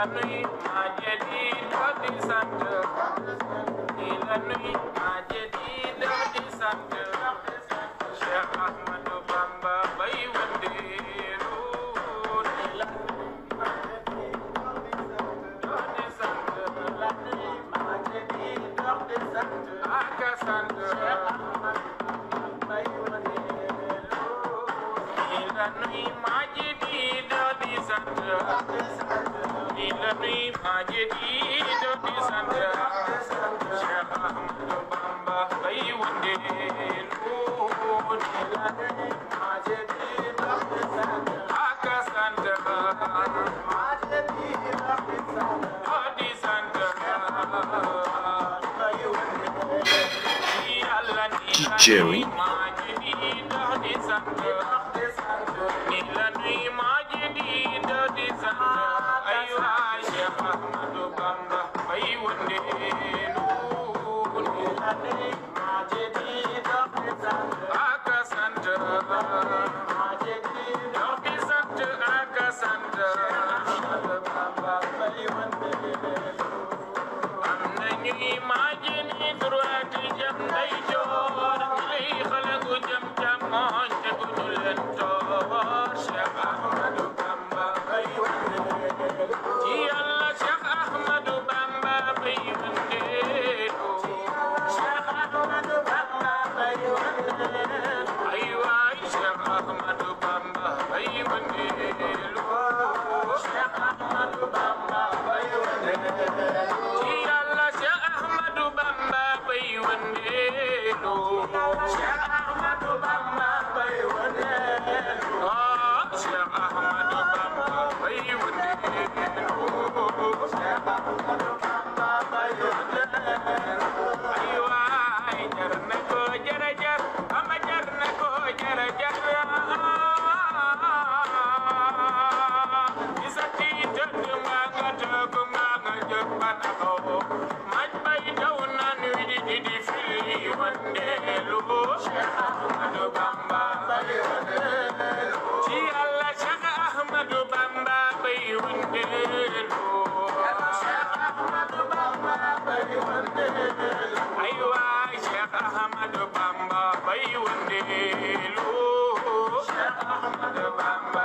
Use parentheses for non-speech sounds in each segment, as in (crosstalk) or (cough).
i mean. Jerry. Amen. Ahmad Ahmadu Bamba bai wanda lo Bamba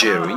Jerry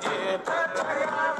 Jai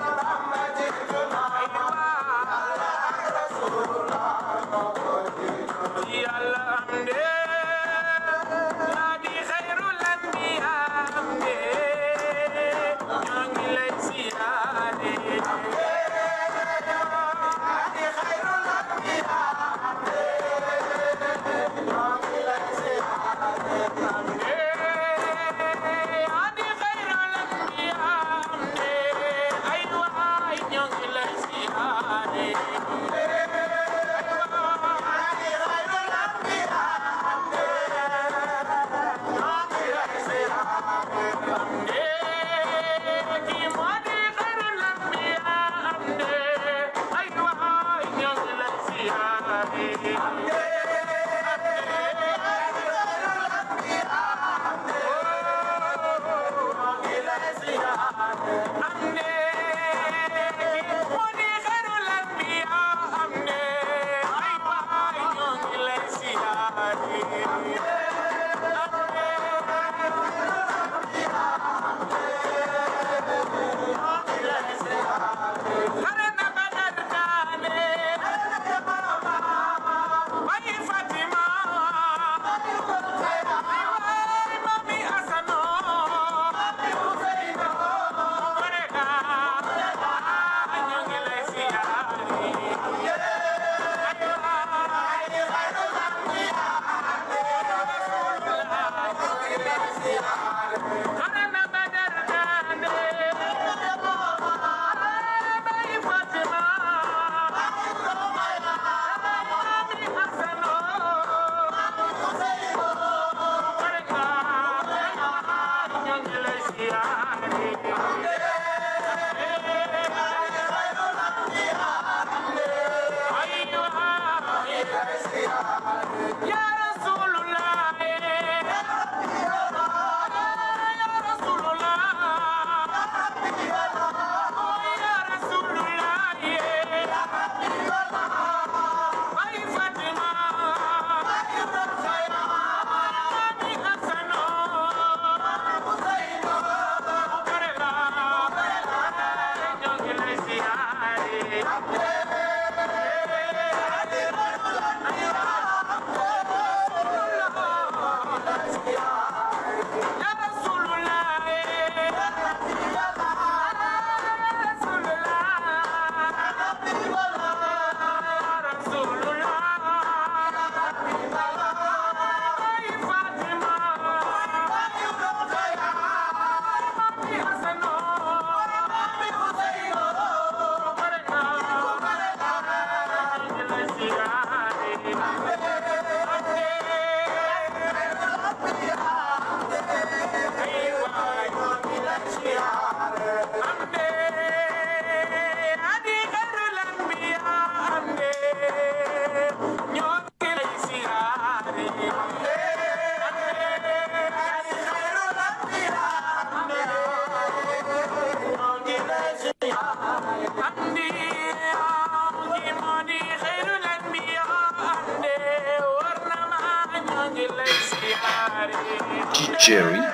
Jerry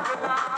Thank (laughs) you.